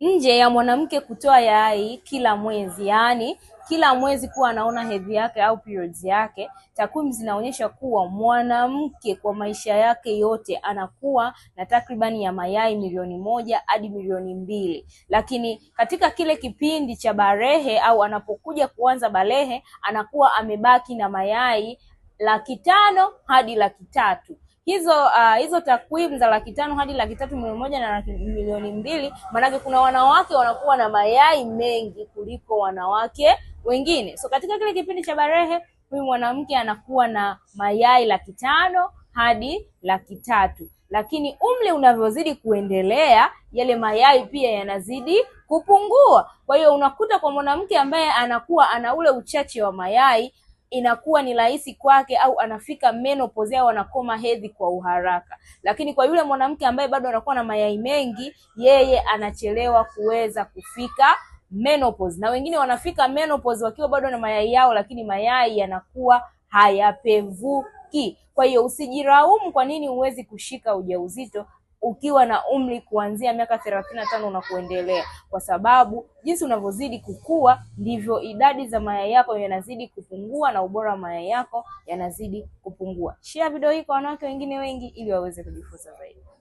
nje ya mwanamke kutoa yai kila mwezi, yaani kila mwezi kuwa anaona hedhi yake au periods yake. Takwimu zinaonyesha kuwa mwanamke kwa maisha yake yote anakuwa na takribani ya mayai milioni moja hadi milioni mbili, lakini katika kile kipindi cha barehe au anapokuja kuanza balehe anakuwa amebaki na mayai laki tano hadi laki tatu hizo uh, hizo takwimu za laki tano hadi laki tatu milioni moja na laki milioni mbili maanake kuna wanawake wanakuwa na mayai mengi kuliko wanawake wengine. So katika kile kipindi cha Barehe, huyu mwanamke anakuwa na mayai laki tano hadi laki tatu lakini umri unavyozidi kuendelea yale mayai pia yanazidi kupungua. Kwa hiyo unakuta kwa mwanamke ambaye anakuwa ana ule uchache wa mayai inakuwa ni rahisi kwake au anafika menopause au anakoma hedhi kwa uharaka. Lakini kwa yule mwanamke ambaye bado anakuwa na mayai mengi, yeye anachelewa kuweza kufika menopause. Na wengine wanafika menopause wakiwa bado na mayai yao, lakini mayai yanakuwa hayapevuki. Kwa hiyo usijiraumu kwa nini huwezi kushika ujauzito, ukiwa na umri kuanzia miaka thelathini na tano na kuendelea, kwa sababu jinsi unavyozidi kukua ndivyo idadi za mayai yako yanazidi kupungua na ubora wa mayai yako yanazidi kupungua. Share video hii kwa wanawake wengine wengi ili waweze kujifunza zaidi.